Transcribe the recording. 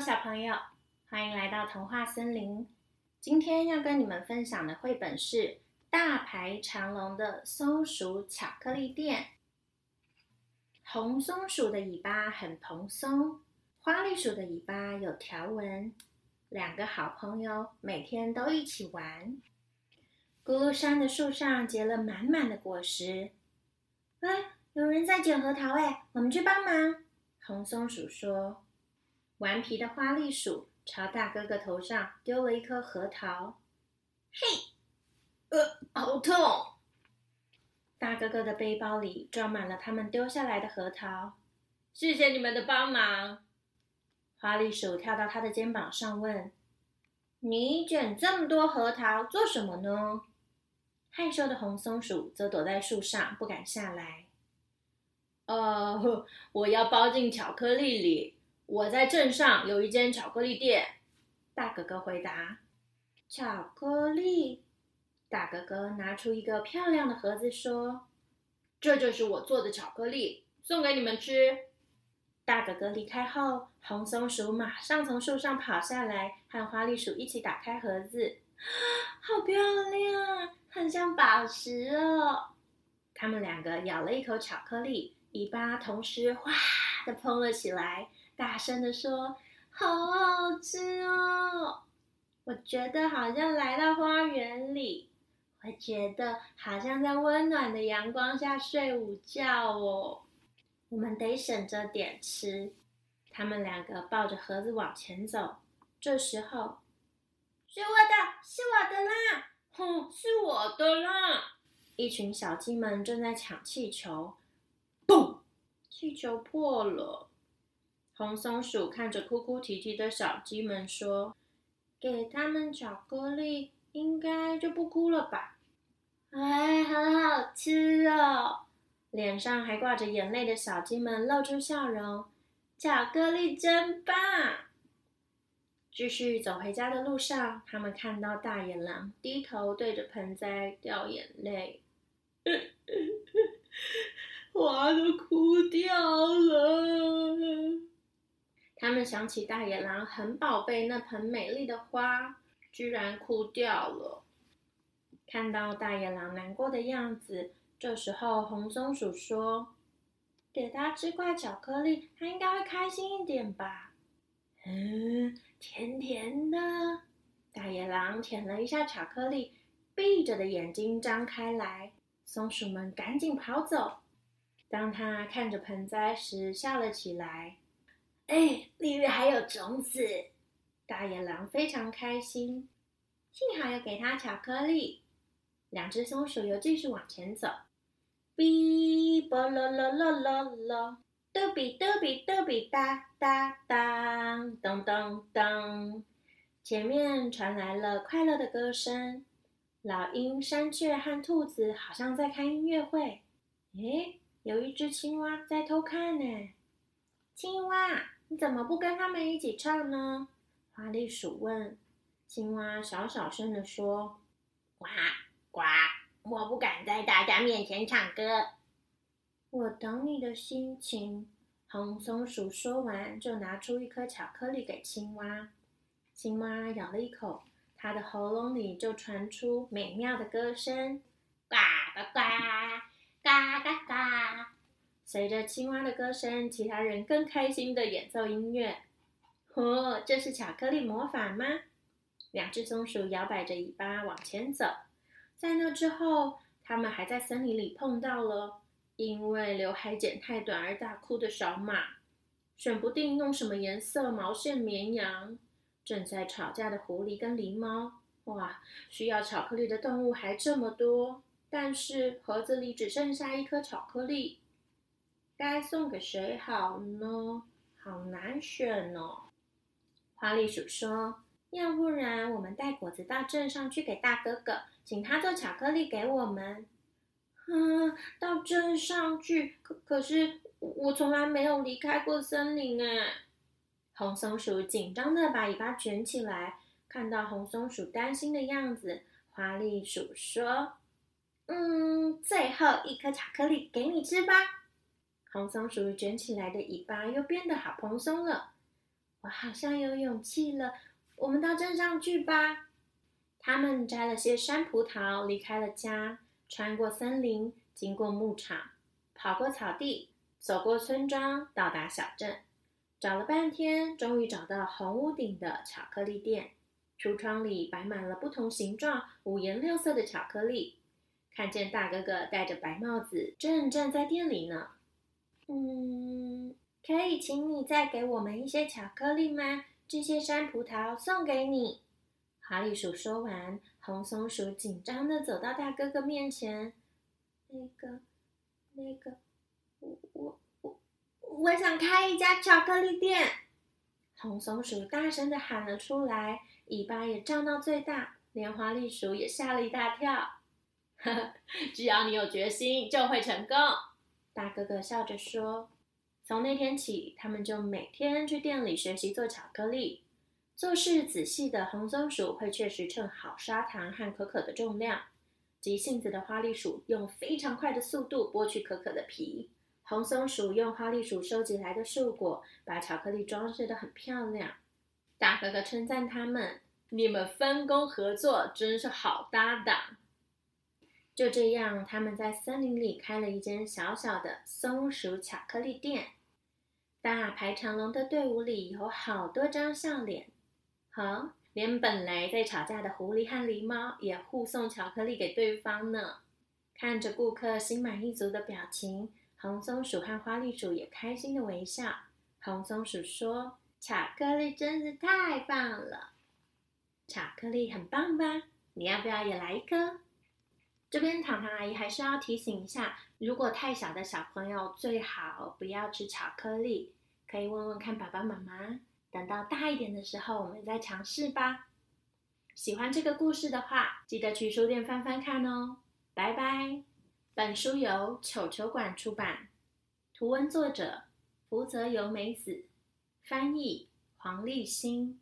小朋友，歡迎來到童話森林。今天要跟你們分享的繪本是《大排長龍的松鼠巧克力店》。紅松鼠的尾巴很蓬鬆，花栗鼠的尾巴有條紋。兩個好朋友每天都一起玩。咕嚕山的樹上結了滿滿的果實。喂、哎，有人在撿核桃、欸，哎，我們去幫忙。紅松鼠說。頑皮的花栗鼠，朝大哥哥頭上丟了一顆核桃，“嘿，呃，好痛！”大哥哥的背包裡裝滿了他們丟下來的核桃。謝謝你們的幫忙。花栗鼠跳到他的肩膀上問：“你撿這麼多核桃做什麼呢？”害羞的紅松鼠則躲在樹上不敢下來。“呃，哦，我要包進巧克力裡。”我在鎮上有一間巧克力店，大哥哥回答：“巧克力。”大哥哥拿出一個漂亮的盒子，說：“這就是我做的巧克力，送給你們吃。”大哥哥離開後，紅松鼠馬上從樹上跑下來，和花栗鼠一起打開盒子，啊，好漂亮啊，很像寶石哦。他們兩個咬了一口巧克力，尾巴同時嘩的蓬了起來。大聲的說：“好好吃哦！我覺得好像來到花園裡，我覺得好像在溫暖的陽光下睡午覺哦。我們得省着點吃。”他們兩個抱着盒子往前走。這時候，是我的，是我的啦！哼、嗯，是我的啦！一群小雞們正在搶氣球，砰！氣球破了。紅松鼠看着哭哭啼啼的小雞們說：“給他們巧克力，應該就不哭了吧？”哎，很好吃哦！臉上還掛着眼淚的小雞們露出笑容：“巧克力真棒！”繼續走回家的路上，他們看到大野狼低頭對着盆栽掉眼淚：“花 都枯掉了。”他們想起大野狼很寶貝那盆美麗的花，居然枯掉了。看到大野狼難過的樣子，這時候紅松鼠說：“給他吃塊巧克力，他應該會開心一點吧？”嗯，甜甜的。大野狼舔了一下巧克力，閉着的眼睛張開來。松鼠們趕緊跑走。當他看着盆栽時，笑了起來。哎，裡面還有種子！大野狼非常開心，幸好有給它巧克力。兩只松鼠又繼續往前走。嗶啵咯咯咯咯咯，嘟比嘟比嘟比噠噠噠，咚咚咚！前面傳來了快樂的歌聲，老鷹、山雀和兔子好像在開音樂會。哎，有一只青蛙在偷看呢。青蛙，你怎麼不跟他們一起唱呢？花栗鼠問。青蛙小小聲地說：“呱呱，我不敢在大家面前唱歌。”我懂你的心情。紅松鼠說完，就拿出一顆巧克力給青蛙。青蛙咬了一口，它的喉嚨裡就傳出美妙的歌聲：呱呱呱，呱呱呱。隨着青蛙的歌聲，其他人更開心的演奏音樂。哦，這是巧克力魔法嗎？兩隻松鼠搖擺着尾巴往前走。在那之後，他們還在森林裡碰到了因為劉海剪太短而大哭的小馬，選不定用什麼顏色毛線綿羊，正在吵架的狐狸跟狸貓。哇，需要巧克力的動物還這麼多，但是盒子裡只剩下一顆巧克力。該送給誰好呢？好難選哦。花栗鼠說：“要不然我們帶果子到鎮上去給大哥哥，請他做巧克力給我們。”嗯，啊，到鎮上去，可可是我從來沒有離開過森林哎啊。紅松鼠緊張的把尾巴捲起來，看到紅松鼠擔心的樣子，花栗鼠說：“嗯，最後一顆巧克力給你吃吧。”紅松鼠捲起來的尾巴又變得好蓬鬆了。我好像有勇氣了。我們到鎮上去吧。他們摘了些山葡萄，離開了家，穿過森林，經過牧場，跑過草地，走過村莊，到達小鎮。找了半天，終於找到紅屋頂的巧克力店。櫥窗裡擺滿了不同形狀、五顏六色的巧克力。看見大哥哥戴着白帽子，正站在店裡呢。嗯，可以請你再給我們一些巧克力嗎？這些山葡萄送給你。花栗鼠說完，紅松鼠緊張的走到大哥哥面前。那個，那個，我我我，我想開一家巧克力店！紅松鼠大聲的喊了出來，尾巴也張到最大，連花栗鼠也嚇了一大跳。 只要你有決心，就會成功。大哥哥笑着說：“從那天起，他們就每天去店裡學習做巧克力。做事仔細的紅松鼠會確實稱好砂糖和可可的重量，急性子的花栗鼠用非常快的速度剝去可可的皮。紅松鼠用花栗鼠收集來的樹果，把巧克力裝飾得很漂亮。大哥哥稱讚他們：‘你們分工合作，真是好搭檔。’”就這樣，他們在森林裡開了一間小小的松鼠巧克力店。大排長龍的隊伍裡有好多張笑臉。好、哦，連本來在吵架的狐狸和狸貓也互送巧克力給對方呢。看着顧客心滿意足的表情，紅松鼠和花栗鼠也開心的微笑。紅松鼠說：“巧克力真是太棒了，巧克力很棒吧？你要不要也來一顆？”這邊糖糖阿姨還是要提醒一下，如果太小的小朋友最好不要吃巧克力，可以問問看爸爸媽媽。等到大一點的時候，我們再嘗試吧。喜歡這個故事的話，記得去書店翻翻看哦。拜拜。本書由球球館出版，圖文作者福澤由美子，翻譯黃立忻。